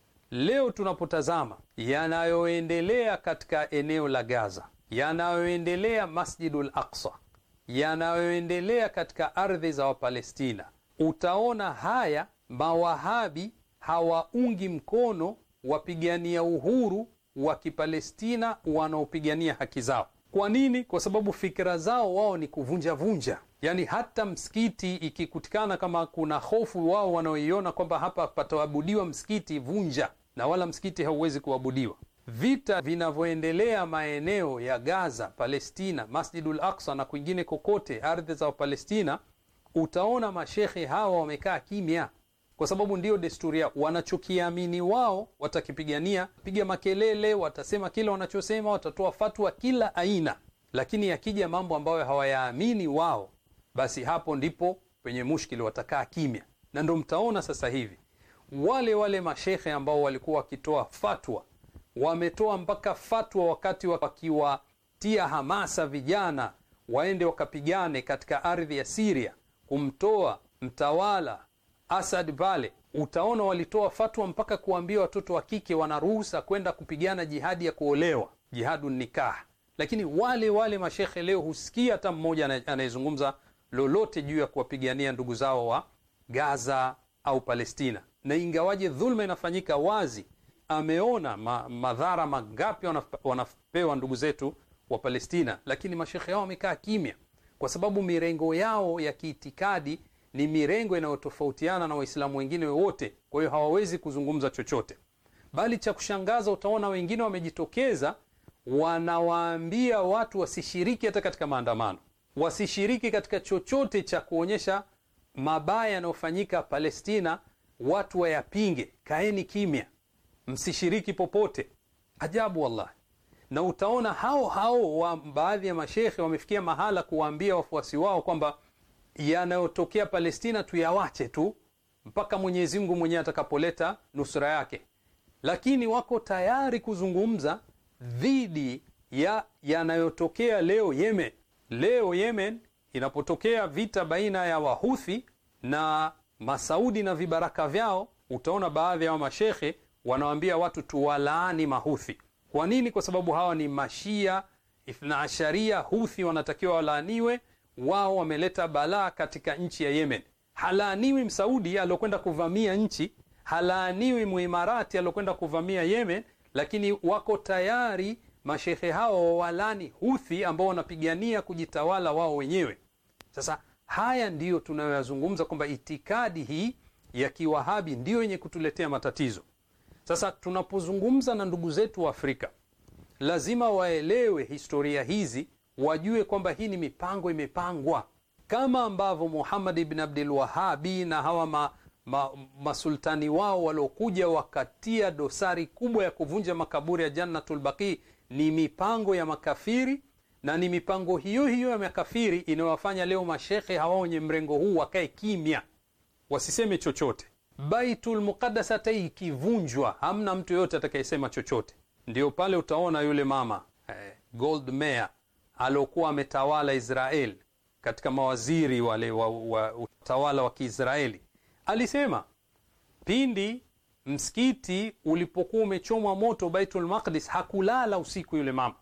Leo tunapotazama yanayoendelea katika eneo la Gaza, yanayoendelea Masjidul Aqsa, yanayoendelea katika ardhi za Wapalestina, utaona haya mawahabi hawaungi mkono wapigania uhuru wa Kipalestina wanaopigania haki zao. Kwa nini? Kwa sababu fikira zao wao ni kuvunja vunja. Yani hata msikiti ikikutikana, kama kuna hofu wao wanaoiona kwamba hapa pataabudiwa msikiti, vunja na wala msikiti hauwezi kuabudiwa. Vita vinavyoendelea maeneo ya Gaza, Palestina, Masjidul Aqsa na kwingine kokote ardhi za Wapalestina, utaona mashekhe hawa wamekaa kimya, kwa sababu ndiyo desturi yao. Wanachokiamini wao watakipigania, piga makelele, watasema kila wanachosema, watatoa fatwa kila aina, lakini yakija mambo ambayo hawayaamini wao, basi hapo ndipo penye mushkili, watakaa kimya, na ndo mtaona sasa hivi wale wale mashekhe ambao walikuwa wakitoa fatwa wametoa mpaka fatwa wakati wakiwatia hamasa vijana waende wakapigane katika ardhi ya Siria kumtoa mtawala Asad pale. Utaona walitoa fatwa mpaka kuambia watoto wa kike wanaruhusa kwenda kupigana jihadi ya kuolewa, jihadu nikah. Lakini wale wale mashekhe leo husikia hata mmoja anayezungumza lolote juu ya kuwapigania ndugu zao wa Gaza au Palestina na ingawaje dhulma inafanyika wazi, ameona ma, madhara mangapi wanapewa ndugu zetu wa Palestina, lakini mashekhe yao wamekaa kimya, kwa sababu mirengo yao ya kiitikadi ni mirengo inayotofautiana na Waislamu wengine wote, kwa hiyo hawawezi kuzungumza chochote. Bali cha kushangaza, utaona wengine wamejitokeza, wanawaambia watu wasishiriki hata katika maandamano, wasishiriki katika chochote cha kuonyesha mabaya yanayofanyika Palestina watu wayapinge, kaeni kimya, msishiriki popote. Ajabu wallahi. Na utaona hao hao wa baadhi ya mashekhe wamefikia mahala kuwaambia wafuasi wao kwamba yanayotokea Palestina tuyawache tu mpaka Mwenyezi Mungu mwenyewe atakapoleta nusura yake, lakini wako tayari kuzungumza dhidi ya yanayotokea leo Yemen. Leo Yemen inapotokea vita baina ya Wahuthi na Masaudi na vibaraka vyao, utaona baadhi ya mashehe wanawambia watu tuwalaani Mahuthi. Kwa nini? Kwa sababu hawa ni Mashia Ithna Asharia. Huthi wanatakiwa walaaniwe, wao wameleta balaa katika nchi ya Yemen. Halaaniwi Msaudi aliokwenda kuvamia nchi, halaaniwi Muimarati aliokwenda kuvamia Yemen, lakini wako tayari mashehe hao wawalani Huthi ambao wanapigania kujitawala wao wenyewe. Sasa Haya ndiyo tunayoyazungumza kwamba itikadi hii ya kiwahabi ndiyo yenye kutuletea matatizo. Sasa tunapozungumza na ndugu zetu wa Afrika, lazima waelewe historia hizi, wajue kwamba hii ni mipango imepangwa, kama ambavyo Muhammad ibn Abdul Wahabi na hawa ma, ma, masultani wao waliokuja wakatia dosari kubwa ya kuvunja makaburi ya Jannatul Baqi ni mipango ya makafiri na ni mipango hiyo hiyo ya makafiri inayowafanya leo mashekhe hawa wenye mrengo huu wakae kimya, wasiseme chochote. Baitul Muqaddas hata ikivunjwa, hamna mtu yoyote atakayesema chochote. Ndio pale utaona yule mama eh, Gold Meir aliokuwa ametawala Israel katika mawaziri wale wa, wa utawala wa Kiisraeli alisema pindi msikiti ulipokuwa umechomwa moto Baitul Maqdis hakulala usiku yule mama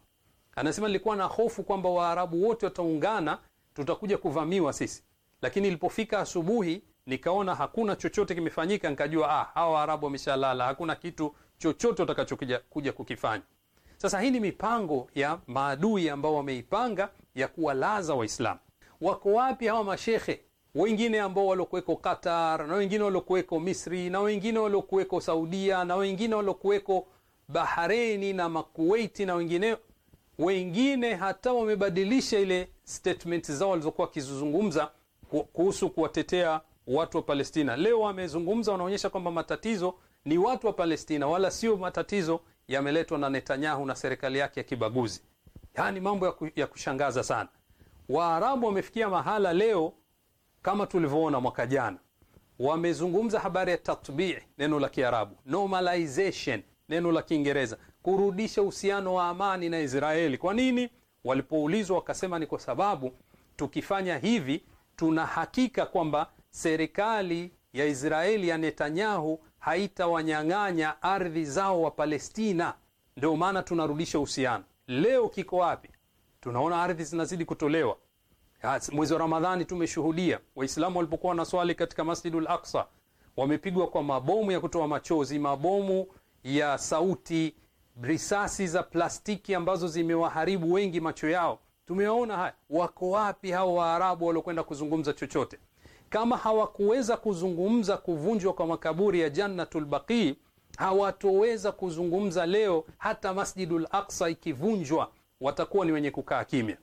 anasema nilikuwa na hofu kwamba Waarabu wote wataungana, tutakuja kuvamiwa sisi, lakini ilipofika asubuhi nikaona hakuna chochote kimefanyika, nikajua ah, hawa Waarabu wameshalala, hakuna kitu chochote watakachokuja kuja kukifanya. Sasa hii ni mipango ya maadui ambao wameipanga ya kuwalaza Waislamu. Wako wapi hawa mashehe wengine ambao waliokuweko Qatar na wengine waliokuweko Misri na wengine waliokuweko Saudia na wengine waliokuweko Bahareni na Makuweiti na wengineo wengine hata wamebadilisha ile statement zao walizokuwa wakizizungumza kuhusu kuwatetea watu wa Palestina. Leo wamezungumza, wanaonyesha kwamba matatizo ni watu wa Palestina, wala sio matatizo yameletwa na Netanyahu na serikali yake ya kibaguzi. Yaani mambo ya kushangaza sana. Waarabu wamefikia mahala leo, kama tulivyoona mwaka jana, wamezungumza habari ya tatbii, neno la Kiarabu, normalization, neno la Kiingereza kurudisha uhusiano wa amani na Israeli. Kwa nini? Walipoulizwa wakasema ni kwa sababu tukifanya hivi tuna hakika kwamba serikali ya Israeli ya Netanyahu haitawanyang'anya ardhi zao wa Palestina, ndio maana tunarudisha uhusiano. Leo kiko wapi? Tunaona ardhi zinazidi kutolewa. Mwezi wa Ramadhani tumeshuhudia Waislamu walipokuwa na swali katika Masjidul Aqsa wamepigwa kwa mabomu ya kutoa machozi, mabomu ya sauti risasi za plastiki ambazo zimewaharibu wengi macho yao. Tumewaona haya. Wako wapi hao Waarabu waliokwenda kuzungumza chochote? Kama hawakuweza kuzungumza kuvunjwa kwa makaburi ya Jannatul Baqi, hawatoweza kuzungumza leo hata Masjidul Aqsa ikivunjwa, watakuwa ni wenye kukaa kimya.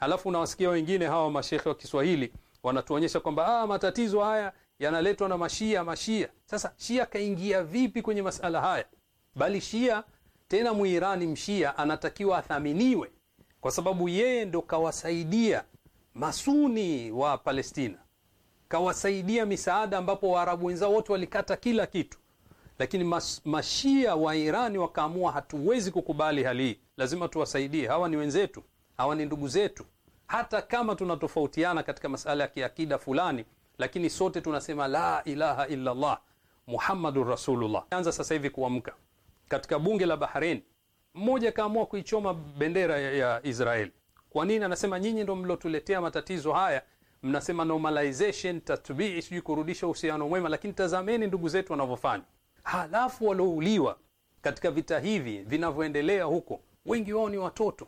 Alafu unawasikia wengine hawa mashekhe wa Kiswahili wanatuonyesha kwamba ah, matatizo haya yanaletwa na mashia mashia. Sasa shia kaingia vipi kwenye masala haya? Bali shia tena Muirani mshia anatakiwa athaminiwe kwa sababu yeye ndo kawasaidia masuni wa Palestina, kawasaidia misaada ambapo Waarabu wenzao wote walikata kila kitu, lakini mas, mashia wa Irani wakaamua hatuwezi kukubali hali hii, lazima tuwasaidie. Hawa ni wenzetu, hawa ni ndugu zetu, hata kama tunatofautiana katika masala ya kiakida fulani, lakini sote tunasema la ilaha illallah muhammadun rasulullah. Anza sasa hivi kuamka katika bunge la Bahrain, mmoja akaamua kuichoma bendera ya ya Israel. Kwa nini? Anasema nyinyi ndio mlotuletea matatizo haya, mnasema normalization, tatbii, sijui kurudisha uhusiano mwema, lakini tazameni ndugu zetu wanavyofanya. Halafu walouliwa katika vita hivi vinavyoendelea huko, wengi wao ni watoto.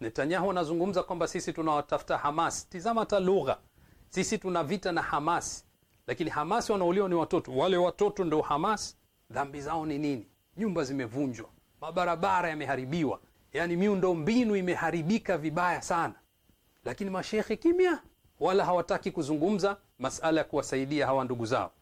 Netanyahu anazungumza kwamba sisi tunawatafuta Hamas. Tizama hata lugha, sisi tuna vita na Hamas, lakini Hamas wanauliwa ni watoto. Wale watoto ndio Hamas. Dhambi zao ni nini? nyumba zimevunjwa, mabarabara yameharibiwa, yani miundo mbinu imeharibika vibaya sana, lakini mashehe kimya, wala hawataki kuzungumza masala ya kuwasaidia hawa ndugu zao.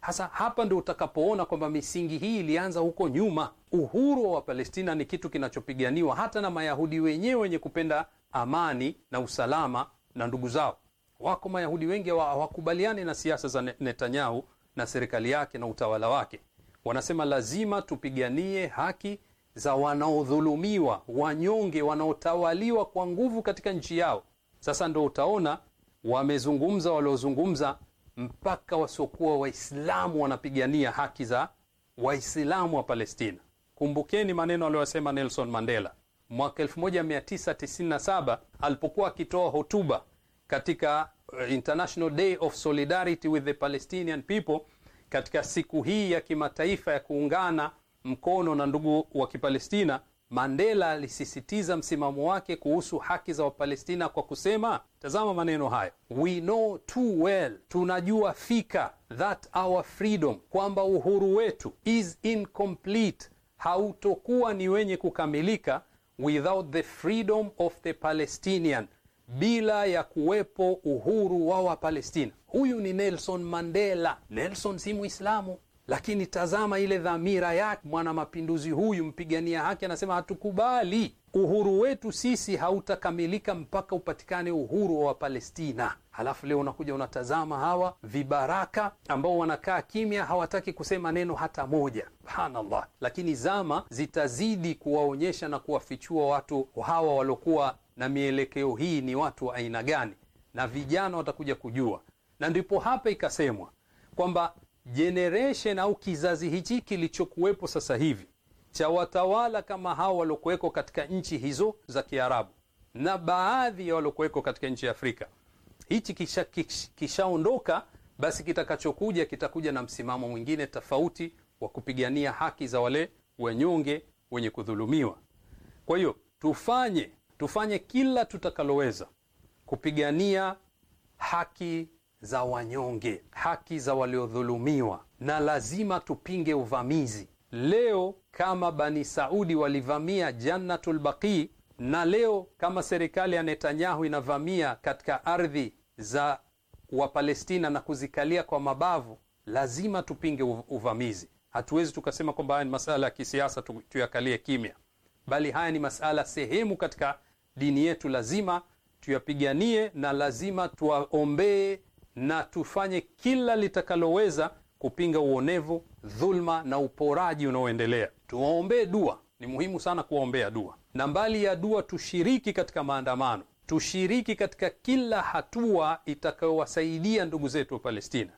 Hasa hapa ndio utakapoona kwamba misingi hii ilianza huko nyuma. Uhuru wa Wapalestina ni kitu kinachopiganiwa hata na Mayahudi wenyewe wenye kupenda amani na usalama na ndugu zao. Wako Mayahudi wengi hawakubaliani na siasa za Netanyahu na serikali yake na utawala wake. Wanasema lazima tupiganie haki za wanaodhulumiwa, wanyonge, wanaotawaliwa kwa nguvu katika nchi yao. Sasa ndo utaona wamezungumza waliozungumza, mpaka wasiokuwa Waislamu wanapigania haki za Waislamu wa Palestina. Kumbukeni maneno aliyosema Nelson Mandela mwaka 1997 alipokuwa akitoa hotuba katika eh, International Day of Solidarity with the Palestinian People katika siku hii ya kimataifa ya kuungana mkono na ndugu wa Kipalestina, Mandela alisisitiza msimamo wake kuhusu haki za Wapalestina kwa kusema, tazama maneno hayo, we know too well, tunajua fika that our freedom, kwamba uhuru wetu is incomplete, hautokuwa ni wenye kukamilika without the freedom of the Palestinian bila ya kuwepo uhuru wa Wapalestina. Huyu ni Nelson Mandela. Nelson si Mwislamu, lakini tazama ile dhamira yake. Mwanamapinduzi huyu mpigania haki anasema hatukubali, uhuru wetu sisi hautakamilika mpaka upatikane uhuru wa Wapalestina. Halafu leo unakuja unatazama hawa vibaraka ambao wanakaa kimya, hawataki kusema neno hata moja. Subhanallah. Lakini zama zitazidi kuwaonyesha na kuwafichua watu hawa waliokuwa na mielekeo hii ni watu wa aina gani, na vijana watakuja kujua. Na ndipo hapa ikasemwa kwamba generation au kizazi hichi kilichokuwepo sasa hivi cha watawala kama hao waliokuweko katika nchi hizo za Kiarabu na baadhi ya waliokuweko katika nchi ya Afrika, hichi kishaondoka, kisha basi kitakachokuja kitakuja na msimamo mwingine tofauti wa kupigania haki za wale wanyonge wenye kudhulumiwa. Kwa hiyo tufanye tufanye kila tutakaloweza kupigania haki za wanyonge, haki za waliodhulumiwa, na lazima tupinge uvamizi. Leo kama Bani Saudi walivamia Jannatul Baqi, na leo kama serikali ya Netanyahu inavamia katika ardhi za Wapalestina na kuzikalia kwa mabavu, lazima tupinge uvamizi. Hatuwezi tukasema kwamba haya ni masala ya kisiasa tuyakalie kimya bali haya ni masala sehemu katika dini yetu, lazima tuyapiganie na lazima tuwaombee na tufanye kila litakaloweza kupinga uonevu, dhulma na uporaji unaoendelea. Tuwaombee dua, ni muhimu sana kuwaombea dua, na mbali ya dua tushiriki katika maandamano, tushiriki katika kila hatua itakayowasaidia ndugu zetu wa Palestina,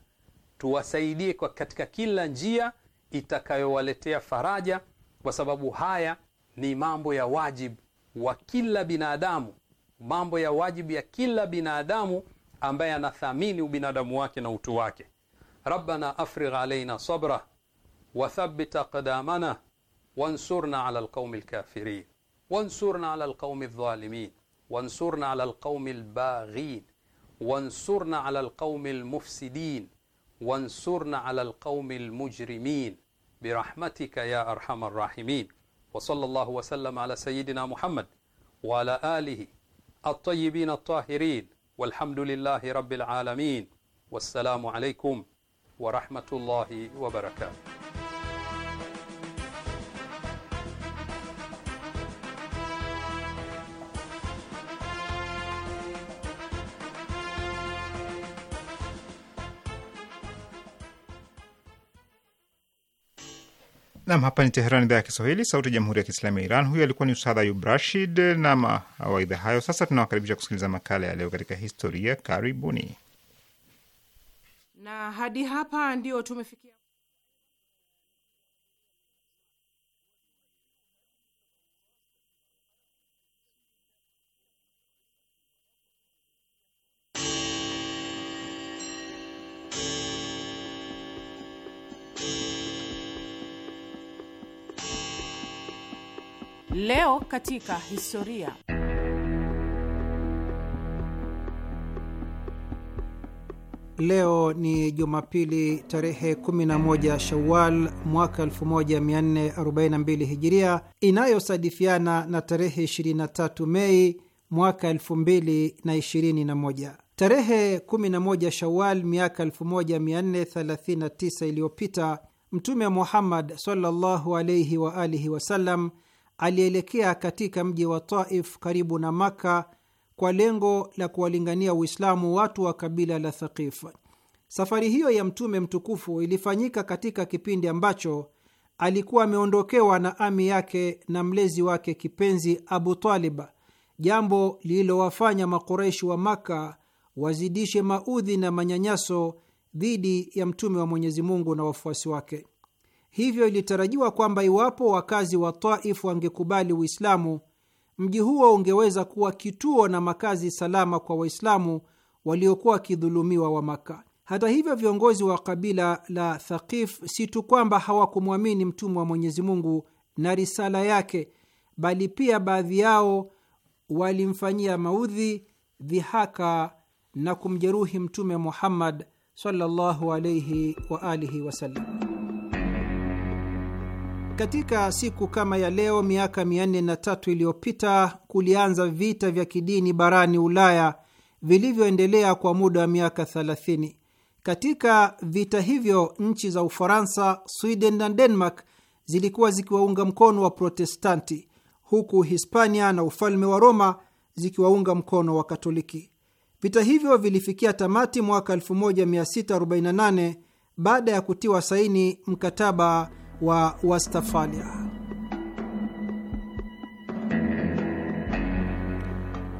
tuwasaidie katika kila njia itakayowaletea faraja, kwa sababu haya ni mambo ya wajibu wa kila binadamu, mambo ya wajibu ya kila binadamu ambaye anathamini ubinadamu wake na utu wake. Rabbana afrigh alaina sabra wa thabbit aqdamana wansurna ala alqaumi alkafirin wansurna ala alqaumi adh-dhalimin wansurna ala alqaumi albaghin wansurna ala alqaumi almufsidin wansurna ala alqaumi almujrimin birahmatika ya arhamar rahimin وصلى الله وسلم على سيدنا محمد وعلى آله الطيبين الطاهرين والحمد لله رب العالمين والسلام عليكم ورحمة الله وبركاته Nam, hapa ni Teheran, idhaa ya Kiswahili, sauti ya jamhuri ya kiislami ya Iran. Huyo alikuwa ni Ustadh Ayub Rashid na mawaidha hayo. Sasa tunawakaribisha kusikiliza makala ya leo katika historia. Karibuni na hadi hapa ndio tumefikia Leo katika historia. Leo ni Jumapili tarehe 11 Shawal mwaka 1442 Hijiria, inayosadifiana na tarehe 23 Mei mwaka 2021. Tarehe 11 Shawal miaka 1439 iliyopita Mtume Muhammad sallallahu alaihi wa alihi wasallam alielekea katika mji wa Taif karibu na makka kwa lengo la kuwalingania Uislamu watu wa kabila la Thaqif. Safari hiyo ya Mtume mtukufu ilifanyika katika kipindi ambacho alikuwa ameondokewa na ami yake na mlezi wake kipenzi Abu Talib, jambo lililowafanya Makuraishi wa makka wazidishe maudhi na manyanyaso dhidi ya Mtume wa Mwenyezi Mungu na wafuasi wake. Hivyo ilitarajiwa kwamba iwapo wakazi wa Taif wangekubali Uislamu, mji huo ungeweza kuwa kituo na makazi salama kwa Waislamu waliokuwa wakidhulumiwa wa Makka. Hata hivyo, viongozi wa kabila la Thaqif si tu kwamba hawakumwamini Mtume wa Mwenyezi Mungu na risala yake, bali pia baadhi yao walimfanyia maudhi, dhihaka na kumjeruhi Mtume Muhammad sallallahu alaihi wa alihi wasallam. Katika siku kama ya leo miaka 403 iliyopita kulianza vita vya kidini barani Ulaya vilivyoendelea kwa muda wa miaka 30. Katika vita hivyo nchi za Ufaransa, Sweden na Denmark zilikuwa zikiwaunga mkono wa Protestanti, huku Hispania na ufalme wa Roma zikiwaunga mkono wa Katoliki. Vita hivyo vilifikia tamati mwaka 1648 baada ya kutiwa saini mkataba wa Westfalia.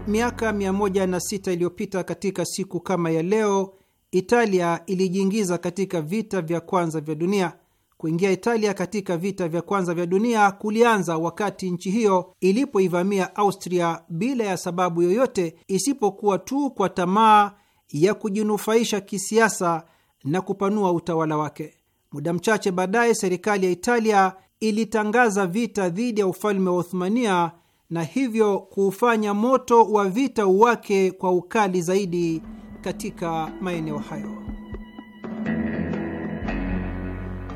Miaka 106 iliyopita katika siku kama ya leo, Italia ilijiingiza katika vita vya kwanza vya dunia. Kuingia Italia katika vita vya kwanza vya dunia kulianza wakati nchi hiyo ilipoivamia Austria bila ya sababu yoyote isipokuwa tu kwa tamaa ya kujinufaisha kisiasa na kupanua utawala wake. Muda mchache baadaye, serikali ya Italia ilitangaza vita dhidi ya ufalme wa Uthmania na hivyo kuufanya moto wa vita uwake kwa ukali zaidi katika maeneo hayo.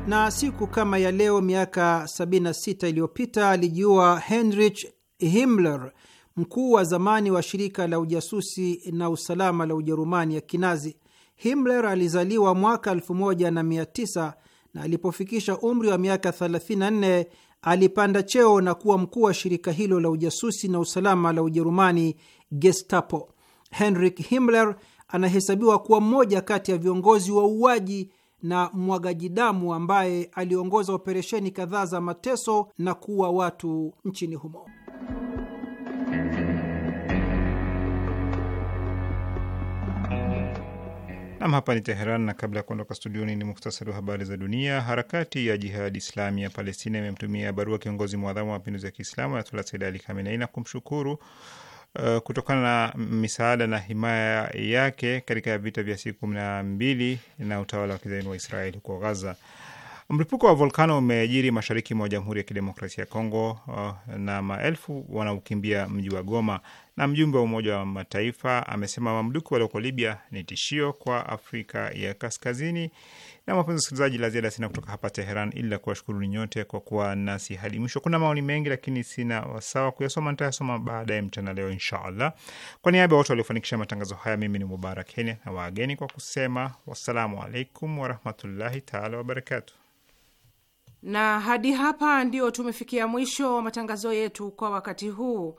Na siku kama ya leo miaka 76 iliyopita alijiua Heinrich Himmler, mkuu wa zamani wa shirika la ujasusi na usalama la Ujerumani ya Kinazi. Himmler alizaliwa mwaka 1900 na alipofikisha umri wa miaka 34 alipanda cheo na kuwa mkuu wa shirika hilo la ujasusi na usalama la Ujerumani, Gestapo. Henrik Himmler anahesabiwa kuwa mmoja kati ya viongozi wa uaji na mwagaji damu ambaye aliongoza operesheni kadhaa za mateso na kuua watu nchini humo. Nam, hapa ni Teheran, na kabla ya kuondoka studioni ni muhtasari wa habari za dunia. Harakati ya Jihadi Islami ya Palestina imemtumia barua kiongozi mwadhamu wa mapinduzi ya Kiislamu Ayatullah Sayyid Ali Khamenei na kumshukuru uh, kutokana na misaada na himaya yake katika vita vya siku kumi na mbili na utawala wa kizaini wa Israeli huko Gaza. Mlipuko wa volkano umejiri mashariki mwa Jamhuri ya Kidemokrasia ya Kongo uh, na maelfu wanaokimbia mji wa Goma na mjumbe wa Umoja wa Mataifa amesema mamluki walioko Libya ni tishio kwa Afrika ya Kaskazini. Na mapenzi wasikilizaji, la ziada sina kutoka hapa Teheran, ila ni nyote kwa kuwa nasi hadi mwisho. Kuna maoni mengi, lakini sina wasawa kuyasoma, nitayasoma baada ya mchana leo inshaallah. Kwa niaba ya wote waliofanikisha matangazo haya, mimi ni Mubarak Kenya na wageni kwa kusema wassalamu alaikum warahmatullahi taala wabarakatu. Na hadi hapa ndio tumefikia mwisho wa matangazo yetu kwa wakati huu.